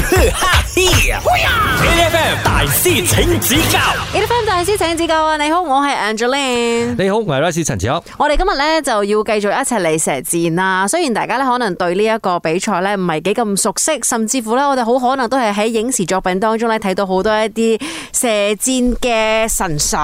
Yenifan, 大師請指教，A. F. M. 大師請指教啊！你好，我係 Angeline，你好，我係 Rose 陳兆。我哋今日咧就要繼續一齊嚟射箭啦。雖然大家咧可能對呢一個比賽咧唔係幾咁熟悉，甚至乎咧我哋好可能都係喺影視作品當中咧睇到好多一啲射箭嘅神手。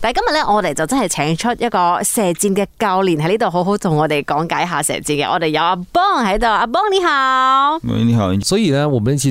但係今日咧我哋就真係請出一個射箭嘅教練喺呢度好好同我哋講解下射箭嘅。我哋有阿邦喺度，阿邦你好，你好。所以呢，我們呢次。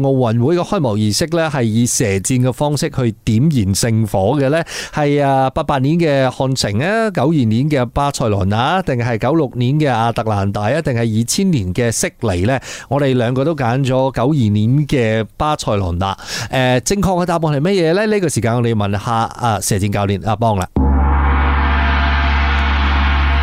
個奧運會嘅開幕儀式呢，係以射箭嘅方式去點燃聖火嘅呢？係啊八八年嘅漢城啊，九二年嘅巴塞羅那，啊，定係九六年嘅亞特蘭大，啊，一定係二千年嘅悉尼呢？我哋兩個都揀咗九二年嘅巴塞羅那。誒、呃，正確嘅答案係乜嘢呢？呢、這個時間我哋問一下啊射箭教練阿邦啦。幫了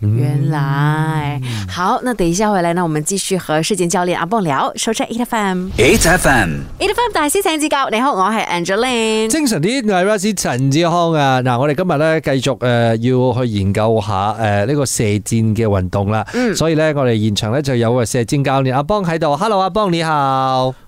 原來好，那等一下回來呢，我們繼續和射箭教練阿邦聊。收聽 Eight FM，Eight FM，Eight FM，大師請指教，你好，我係 Angelina。精神啲係阿 s i 陳志康啊，嗱，我哋今日咧繼續誒、呃、要去研究一下誒呢、呃這個射箭嘅運動啦、嗯。所以咧我哋現場咧就有個射箭教練阿邦喺度。Hello，阿邦你好。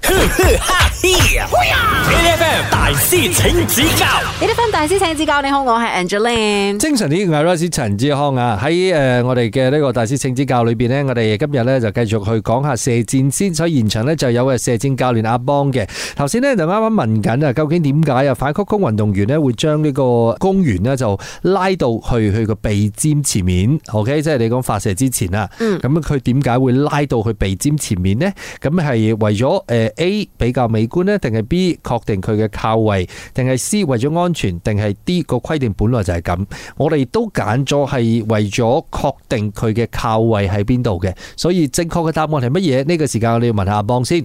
大師請指教，A. D. F. 大師請指教，你好，我係 Angeline，精神啲嘅 Rose 陳志康啊，喺誒我哋嘅呢個大師請指教裏邊呢，我哋今日呢就繼續去講下射箭先，所以現場呢就有個射箭教練阿邦嘅，頭先呢，就啱啱問緊啊，究竟點解啊反曲弓運動員呢會將呢個弓弦呢就拉到去佢個鼻尖前面，OK，即係你講發射之前啊。嗯，咁佢點解會拉到去鼻尖前面呢？咁係為咗誒。A 比較美觀咧，定係 B 確定佢嘅靠位，定係 C 為咗安全，定係 D 個規定本來就係咁。我哋都揀咗係為咗確定佢嘅靠位喺邊度嘅，所以正確嘅答案係乜嘢？呢個時間我哋要問下阿邦先。